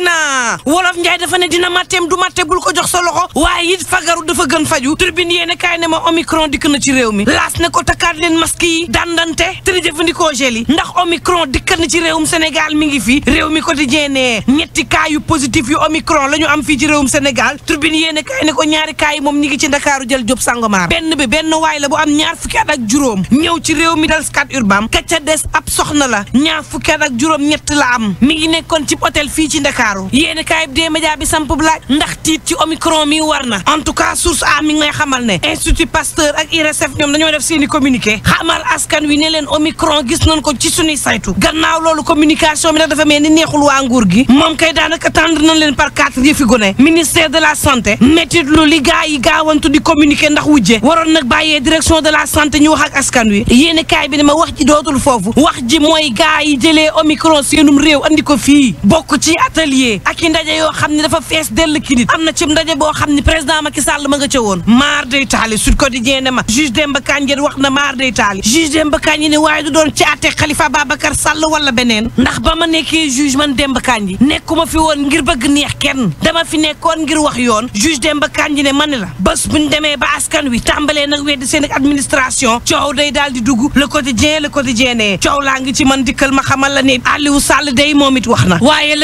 Argentina wolof njaay dafa ne dina matteem du matte gul ko jox sa loxo waaye it fagaru dafa gën faju tribune yéen kaay ne ma omicron dikk na ci réew mi laas ne ko takkaat leen masque yi dandante te di jëfandikoo gel yi ndax omicron dikk na ci réewum senegal mi ngi fi réew mi quotidien ne ñetti cas yu positif yu omicron la ñu am fii ci réewum senegal tribune yéen kaay ne ko ñaari cas yi moom ñi ngi ci ndakaaru jël job sangomar benn bi benn waay la bu am ñaar fukki at ak juróom ñëw ci réew mi dal scat urbam ka ca des ab soxna la ñaar fukki ak juróom ñett la mi ngi nekkoon ci hôtel fii ci ndakaaru yéen kaay bi dee média bi samp laaj ndax tiit ci omicron mi war na en tout cas source a mi ngi lay xamal ne institut pasteur ak IRSF ñoom dañoo def seen i communiqué xamal askan wi ne leen omicron gis nañ ko ci suñuy saytu gannaaw loolu communication bi nag dafa mel ni neexul waa nguur gi moom kay daanaka tendre nañ leen par quatre yëfi gone ministère de la santé métit lu li gaa yi gaawantu di communiqué ndax wujje waroon nag bàyyee direction de la santé ñu wax ak askan wi yéen kaay bi ne ma wax ji dootul foofu wax ji mooy gaa yi jëlee omicron seenum réew ko fii bokk ci atelier ak ci ndaje yoo xam ne dafa fees dell ki nit am na ci ndaje boo xam ne président Macky Sall ma nga ca woon maar day taali Sud Quotidien ne ma juge Demba Kandji wax na maar day taali juge Demba Kandji ne waaye du doon ci àtte Khalifa Babacar Sall wala beneen ndax ba ma nekkee juge man Demba Kandji ma fi woon ngir bëgg neex kenn dama fi nekkoon ngir wax yoon juge Demba Kandji ne man la bés bu ñu demee ba askan wi tàmbalee nag weddi seen administration coow day daal di dugg le quotidien le quotidien ne coow laa ngi ci man dikkal ma xamal la ne Aliou Sall day moom it wax na waaye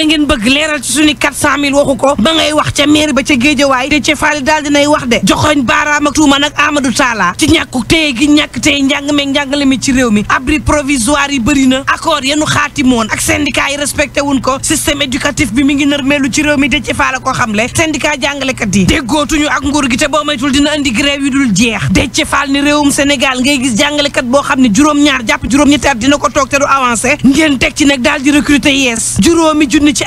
ay 400000 waxu ko ba ngay wax ca mairie ba ca géejawaay te ca faali daal dinay wax de joxoñ baaraam tuuma nag Amadou Talla ci ñàkku téye gi ñàkk téye yi bëri na accord yenu ci réew mi de ci faala ko xamle syndicat jàngalekat yi déggootuñu ak nguur gi te boo maytul dina andi grève yu dul jeex de ni réewum Sénégal ngay gis jàngalekat boo xam ne juróom-ñaar jàpp juróom-ñetti at dina ko toog te du avancé ngeen teg ci nag daal di yees juróomi junni ci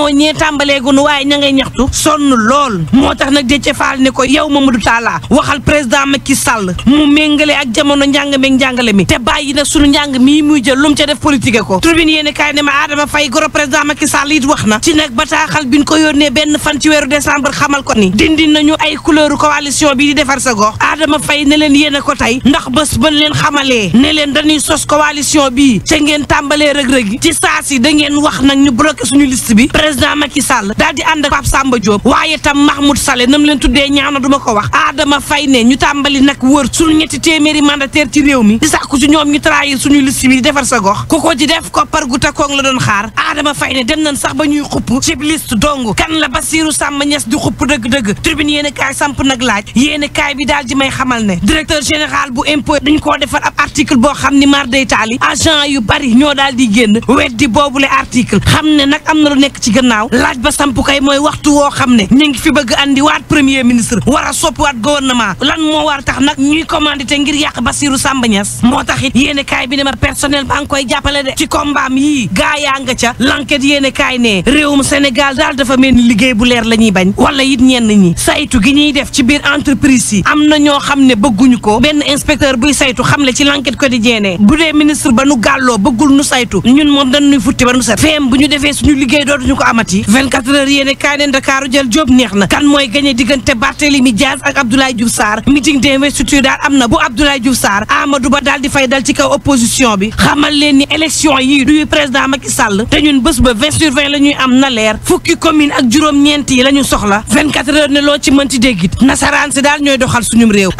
ñoo ñee tàmbaleegunu waaye ña ngay ñaxtu sonn lool moo tax nag Déthié Fall ne ko yow Mamadou Talla waxal président Macky Sall mu méngale ak jamono njàng meeg njàngale mi te bàyyi nag sunu njàng mii muy jël lu mu ca def politique ko tribune yéeni kaay ne ma Adama Faye goro président Macky Sall it wax na ci nag bataaxal bi ñu ko yónnee benn fan ci weeru décembre xamal ko ni dindi nañu ay couleur coalition bi defar sa gox Adama Faye ne leen yéen a ko tey ndax bés bën leen xamalee ne leen dañuy sos coalition bii ca ngeen tàmbalee rëg-rëg ci saa si da ngeen wax nag ñu bloqué suñu liste bi président Macky Sall daal di ànd ak Pape Samba Diop waaye tam Mahmoud Saleh nam leen tuddee ñaana duma ko wax Adama Faye ne ñu tàmbali nag wër suñu ñetti téeméeri mandataire ci réew mi di sàkku ci ñoom ñu trahir suñu liste bi defar sa gox ku ko ci def koppar gu takkoog la doon xaar Adama Faye ne dem nañ sax ba ñuy xupp ci liste dong kan la Bassirou Samba Niass di xupp dëgg-dëgg tribune yéen a kaay samp nag laaj yéen a kaay bi daal di may xamal ne directeur général bu impôt dañ koo defar ab article boo xam ni mar yu bari ñoo daal di génn weddi gannaaw laaj ba samp kay mooy waxtu woo xam ne ñu fi bëgg andi waat premier ministre war a soppiwaat gouvernement lan moo war tax nag ñuy commandité ngir yàq Bassirou Samba Niass moo tax yéene kaay ne ma personnel ba ngi koy jàppale de ci kombaam yii gaa daal dafa mel liggéey bu leer la ñuy bañ wala it ñenn ñi saytu gi ñuy def ci biir entreprise yi am na ñoo xam ne bëgguñu ko benn inspecteur buy saytu xam le ci l'enquête quotidien ne bu dee ministre ba nu gàlloo bëggul nu saytu ñun moom amati 24 heures yéene kaay neen Dakar jël Diop neex na kan mooy gagné diggante Barthélemy Diaz ak Abdoulaye Diouf meeting d'investiture daal am na bu Abdoulaye Diouf Sarr Ba daal di fay dal ci kaw opposition bi xamal leen ni élection yi du président Macky Sall te ñun bés ba 20 sur 20 la ñuy am na leer fukki commune ak juróom-ñeent yi la ñu soxla 24 ne loo ci mënti déggit nasaraan si daal ñooy doxal suñum réew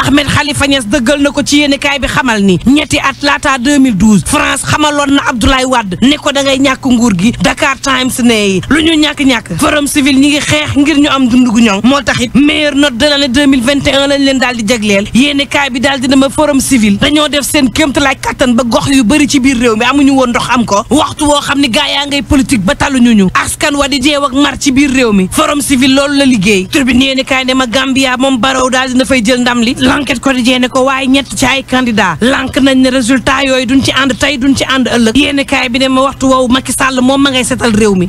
lu ñu ñàkk-ñàkk forum civil ñi ngi xeex ngir ñu am dund gu ñoŋ moo tax it meilleure note de l'année 2021 lañ leen daal di jagleel yéene kaay bi daal di dama forum civil dañoo def seen kéemtalaay kattan ba gox yu bëri ci biir réew mi amuñu woon ndox am ko waxtu woo xam ne gaa yaa ngay politique ba taluñu ñu ñu askan wa di jeew ak mar ci biir réew mi forum civil loolu la liggéey tribune yéene kaay ne ma Gambia moom Barrow daal dina fay jël ndam li l'enquête quotidienne ko waaye ñett ci ay candidat lànk nañ ne résultat yooyu duñ ci ànd tey duñ ci ànd ëllëg yéene kaay bi ne ma waxtu woowu Macky Sall moom ma ngay setal réew mi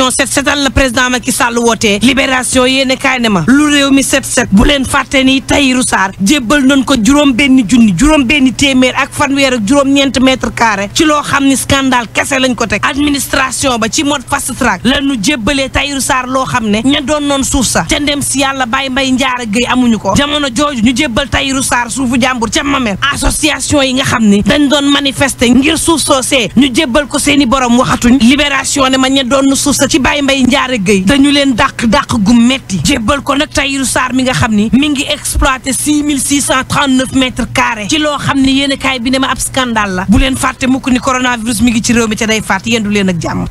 opération set setal la président Macky Sall wootee libération yéene kaay ne ma lu réew mi set set bu leen fàtte ni Tahirou Sarr jébbal nañ ko juróom benn junni juróom benn téeméer ak fanweer ak juróom-ñeent mètre carré ci loo xam ni scandale kese lañ ko teg administration ba ci mode fast track la ñu jébbalee Tahirou Sarr loo xam ne ña doon noon suuf sa ca ndem si yàlla bàyyi mbay njaar a géy amuñu ko jamono jooju ñu jébbal Tahirou Sarr suufu jàmbur ca mamel association yi nga xam ni dañ doon manifester ngir suuf soosee ñu jébbal ko seeni borom waxatuñ ci Baye mbay njaare géey dañu leen dàq dàq gu metti jébbal ko nag Tahirou Sarr mi nga xam ni mi ngi exploité six mille six cent trente neuf mètres carrés ci loo xam ni yéen kaay bi ne ma ab scandale la bu leen fàtte mukk ni coronavirus mi ngi ci réew mi ca day fàtte yéen du leen ak jàmm.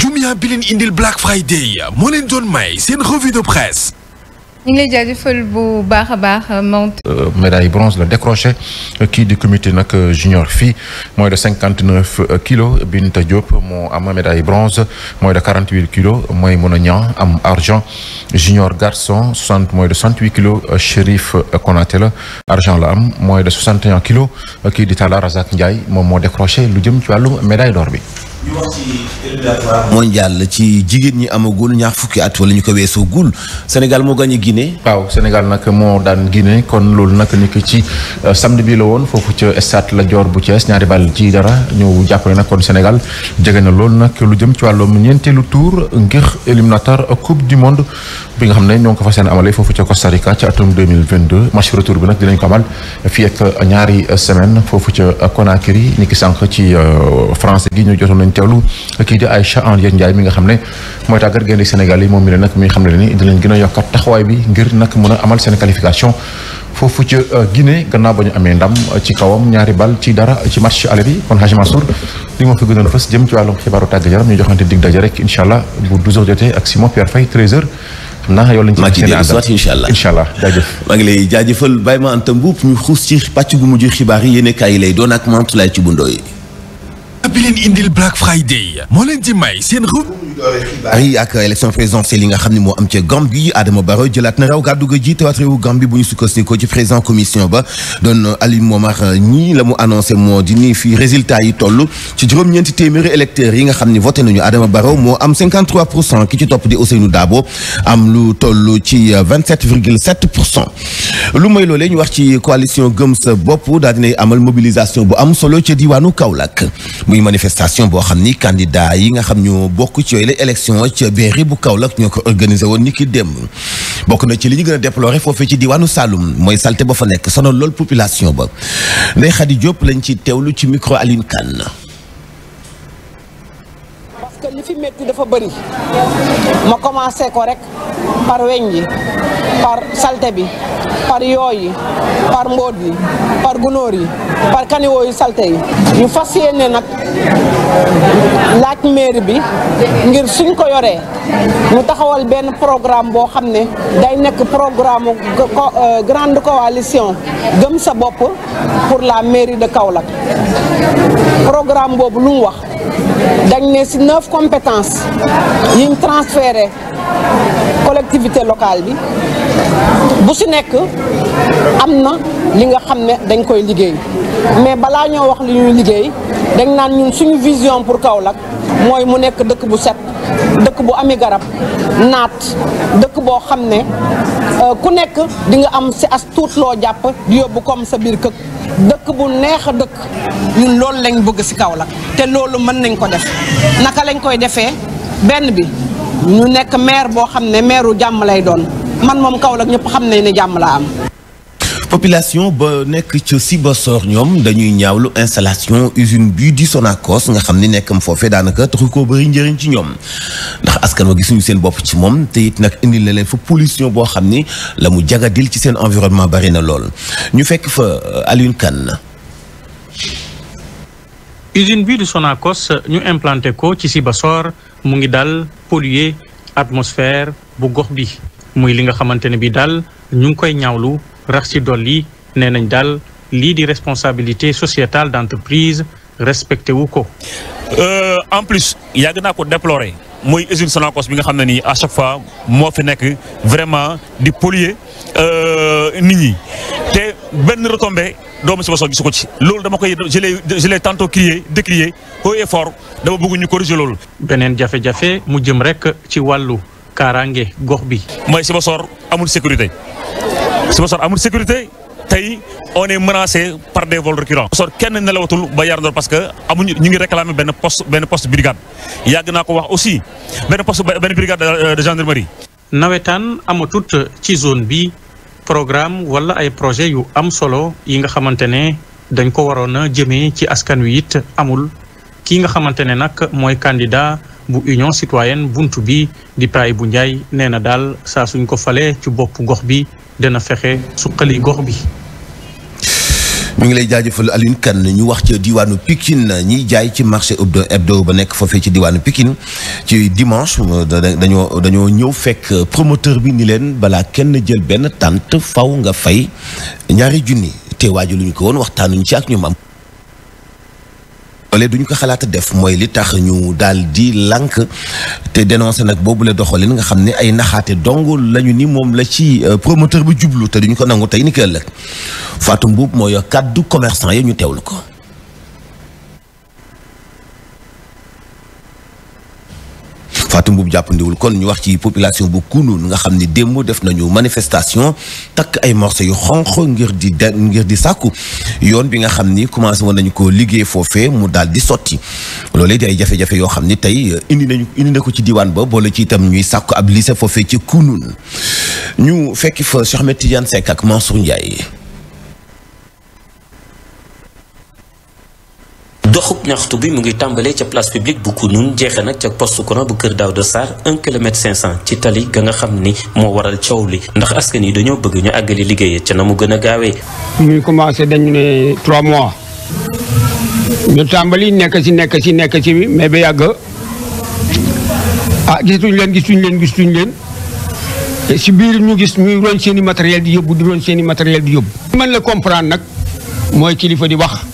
Jumia bi leen indil Black Friday moo leen doon may seen revue de presse. ñu ngi lay jaajëfal bu baax a baax Mante. Euh, médaille bronze la décroché euh, kii di comité nag euh, junior fii mooy de cinquante neuf kilos Binta Diop moo am médaille bronze mooy de quarante huit kilos mooy mën a ñan am argent junior garçon soixante mooy de soixante huit kilos Chérif Konaté la argent la am mooy de soixante kilos kii di Talla Razak Ndiaye moom moo décroché lu jëm ci wàllu médaille d'or bi. ñu wax ci ci jigéen ñi amagul ñaar fukki at wala ñu ko weesoo gul Sénégal moo gagné Guinée. waaw Sénégal nag moo daan Guinée kon loolu nag ni ko ci euh, samedi bi la woon foofu ca stade Lat Dior bu Thiès ñaari bal ci dara ñu jàppale nag kon Sénégal jege na loolu nag lu jëm ci wàllum ñeenteelu tour ngir éliminatoire coupe du monde bi nga xam ne ñoo ngi ko fas yéene amale foofu ca Costa Rica ci atum 2022 match retour bi nag dinañ ko amal fii ak ñaari semaine foofu ca Conakry ni ki sànq ci euh, français gi ñu jotoon nañ dem teewlu kii di Aïcha Henriette Ndiaye mi nga xam ne mooy tàggat gaynde Sénégal yi moom mi ne nag mi nga xam ne ni dinañ gën a yokkat taxawaay bi ngir nag mën a amal seen qualification foofu ci euh, Guinée gannaaw ba ñu amee ndam ci kawam ñaari bal ci dara ci match aller bi kon Haji Mansour li moo fi gënoon fës jëm ci wàllum xibaaru tàgg yaram ñu joxante dig daje rek incha allah bu 12h jotee ak Simon Pierre Faye 13h xam naa yow lañ ci ci dégg bu mujj xibaar bi indil Black Friday moo leen di may seen xëw bari ak élection présidentielle yi nga xam ne moo am ca Gambie Adama Barrow jëlaat na raw gàddu ga jiitewaat réewu Gambie bu ñu sukkandikoo ci président commission ba doon Aliou Momar ñii la mu annoncé moo di nii fii résultat yi toll ci juróom-ñeenti téeméeri électeurs yi nga xam ne voté nañu Adama Barrow moo am 53 pour cent ki ci topp di Ousseynou daabo am lu toll ci 27 virgule 7 pour cent lu may loolee ñu wax ci coalition gëm sa bopp daal dinay amal mobilisation bu am solo ca diwaanu Kaolack muy manifestation boo xam ni candidat yi nga xam ñoo bokk ci yooyu la élection ci mairie bu Kaolack ñoo ko organisé woon ni ki démb bokk na ci li ñu gën a déploré foofee ci diwaanu Saloum mooy salte ba fa nekk sonal lool population ba Ndeye Khady Diop lañ ci teewlu ci micro Aline Kane parce que li fi métti ko rek par weñ yi par salte bi par yooyu par mbóot yi par gunóor yi par kaniwoo salte yi ñu fas yéene nag laaj mairie bi ngir suñ ko yoree ñu taxawal benn programme boo xam ne day nekk programme euh, grande coalition gëm sa bopp pour la mairie de Kaolack programme boobu lu mu wax dañ ne si neuf compétences yiñ transféré collectivité locale bi bu si nekk am na li nga xam ne dañ koy liggéey mais balaa ñoo wax li ñuy liggéey dañ naan ñun suñu vision pour Kaolack mooy mu nekk dëkk bu set dëkk bu ami garab naat dëkk boo xam ne euh, ku nekk di nga am si as tuut loo jàpp di yóbbu comme sa biir këkk dëkk bu neex a dëkk ñun loolu lañ bëgg si Kaolack te loolu mën nañ ko def naka lañ koy defee benn bi ñu nekk maire boo xam ne maireu jàmm lay doon man moom kaw Kaolack ñëpp xam nañ ne jàmm laa am. population ba nekk ci Sibassor ñoom dañuy ñaawlu installation usine bii di Sonacos nga xam ni nekkam foofee daanaka taxu ko bari njëriñ ci ñoom ndax askan wa gisuñu seen bopp ci moom te it nag indi na leen fa pollution boo xam ni la mu jagadil ci seen environnement bari na lool ñu fekk fa euh, Alioune Kane. usine bii di Sonacos ñu implanté ko ci Sibassor mu ngi daal polluer atmosphère bu gox bi muy li nga xamante ne bi daal ñu ngi koy ñaawlu rax ci dolli nee nañ daal lii di responsabilité sociétale d'entreprise respecté wu ko. Euh, en plus yàgg naa ko déplorer mooy usine Sonacos bi nga xam ne nii à chaque fois moo fi nekk vraiment di polluer euh, nit ñi te benn retombée doomu Sibassor gisu ko ci loolu dama koy je l'ai je l'ai tantôt crié décrié haut dama bëgg ñu loolu. beneen jafe-jafe mu jëm rek ci wàllu kaaraange gox bi. mooy Sibassor amul sécurité Sibassor amul sécurité tey on est menacé par des vols récurrents. Sibassor kenn nelawatul ba yar ndoor parce que amuñu ñu ngi réclamer benn poste benn poste brigade yàgg naa ko wax aussi benn post benn brigade de gendarmerie. nawetaan amatut ci zone bi. programme wala ay projet yu am solo yi nga xamante ne dañ ko waroon a jëmee ci askan wi it amul kii nga xamante ne nag mooy candidat bu union citoyenne bunt bi di Paye bu Ndiaye nee na daal saa suñ ko falee ci bopp gox bi dana fexe suqali gox bi ñu ngi lay jaajëfal Alioune Kane ñu wax ca diwaanu Pikine ñuy jaay ci marché hebdo hebdo ba nekk foofee ci diwaanu Pikine ci dimanche dañoo dañoo ñëw fekk promoteur bi ni leen balaa kenn jël benn tànt faw nga fay ñaari junni te waaju lu ñu ko woon waxtaanuñ ci ak ñoom am loolee duñ ko xalaat def mooy li tax ñu daal di lànk te dénoncé nag boobu la doxalin nga xam ne ay naxaate dong lañu ni moom la ci euh, promoteur bi jublu te ñu ko nangu tey ni ki ëllëg Fatou Mbuub mooy kàddu commerçant yi ñu teewlu ko. Fatou Mbuub jàppandiwul kon ñu wax ci population bu Kounoune nga xam ni démb def nañu manifestation takk ay morceaux yu xonq ngir di de ngir di sàkku yoon bi nga xam ni commencé woon nañu ko liggéey foofee mu daal di sotti loolee di ay jafe-jafe yoo xam ni tey indi nañu indi na ko ci diwaan ba boole ci itam ñuy sàkk ab lycée foofee ci Kounoune ñu fekki fa Cheikh Ahmed Tidiane Seck ak Mansour Ndiaye doxub ñaxtu bi mu ngi tàmbalee ca place publique bu Kounoune jeexe nag ca post courant bu Kër Daouda Sarr 1 kilomètre 500 ci tali ga nga xam ni moo waral coow li ndax askan yi dañoo bëgg ñu àggali liggéey ca na mu gën a gaawee. ñu commencé dañu ne 3 mois ñu tàmbali nekk ci nekk ci nekk ci mais ba yàgg ah gisatuñ leen gisatuñ leen gisatuñ leen. si biir ñu gis ñuy roñ seen i matériel di yóbbu di roñ seen matériel di yóbbu. man la comprendre nag mooy kilifa di wax.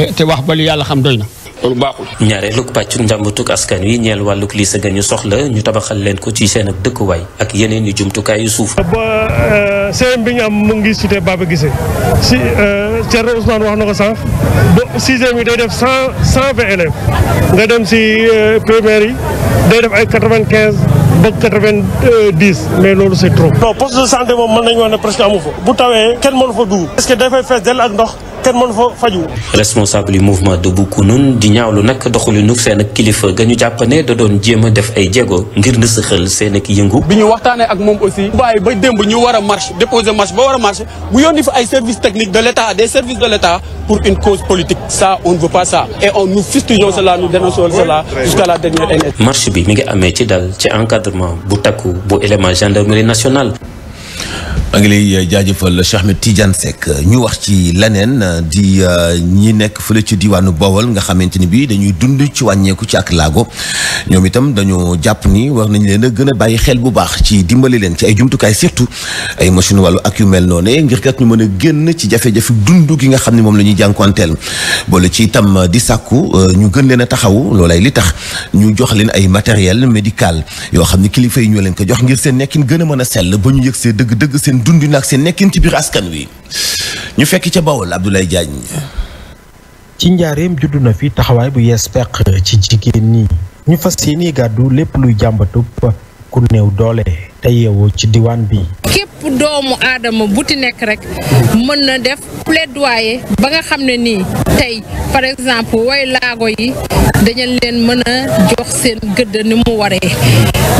Eh, te wax ba yàlla xam doy na. loolu baaxul. ñaareelu pàccu njàmbutuk askan wi ñeel wàllu lii sa gën ñu soxla ñu tabaxal leen ko ci seen ak dëkkuwaay ak yeneen i jumtukaayu suuf. ba CM eh, bi ñu am mu ngi cité Baba Guissé si eh, Thierno Ousmane wax na ko sànq ba sixième yi day def cent cent vingt élèves nga dem si primaire yi day def ay quatre vingt quinze ba dix mais loolu c'est trop. non poste de santé moom mën nañu wax ne presque amu fa bu tawee kenn mënu fa dugg. est que dafay fees dell ak ndox. kenn mën fa faju responsable yu mouvement Debout Kounoune di ñaawlu nag doxalinu seen ak kilifa ga ñu jàpp da doon jéem a def ay jéego ngir nësaxal seen ak yëngu. bi ñu waxtaanee ak moom aussi. bàyyi ba démb ñu war a marche déposer marche ba bu yónni fa ay services technique de l' état des services de l' état pour une cause politique. ça on ne veut pas ça. et on nous fustigeons cela nous dénonçons cela jusqu'à la dernière année. marche bi mu ngi amee ci dal ci encadrement bu tak bu élément gendarmerie nationale. maa ngi lay euh, jaajëfal Cheikh Ahmed Tidiane Seck ñu wax ci leneen euh, di euh, ñi nekk fële ci diwaanu Bawol nga xamante ni bii dañuy dund ci wàññeeku ci ak laago ñoom itam dañoo jàpp ni war nañ leen a gën a bàyyi xel bu baax ci dimbali leen ci ay jumtukaay surtout ay machine wàllu ak yu mel noonu ngir kat ñu mën a génn ci jafe-jafe dund gi nga xam ne moom la ñuy jànkuwanteel boole ci itam di sàkku ñu gën leen a taxaw loolay li tax ñu jox leen ay matériel médical yoo xam ne kilifa yi ñoo leen ko jox ngir seen nekkin gën a mën a sell ba ñu yëg see dëgg-dëgg seen seen nag ak seen nekkin ci biir askan wi ñu fekk ca Bawol Abdoulaye jaañ ci njaareem juddu na fi taxawaay bu yees peq ci jigéen ñi ñu fas yéene gàddu lépp luy jàmbatub ku néew doole te yeewoo ci diwaan bi. képp doomu aadama bu ti nekk rek mën na def. plaidoyer ba nga xam ne nii tey par exemple way laago yi dañu leen mën a jox seen gëdd ni mu waree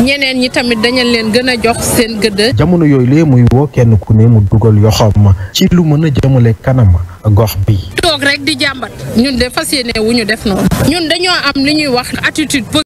ñeneen ñi tamit dañu leen gën a jox seen gëdd. jamono yooyu lee muy woo kenn ku ne mu dugal yoxoom ci lu mën a jëmale kanam gox bi. toog rek di jàmbat ñun de fas wu ñu def noonu ñun dañoo am li ñuy wax attitude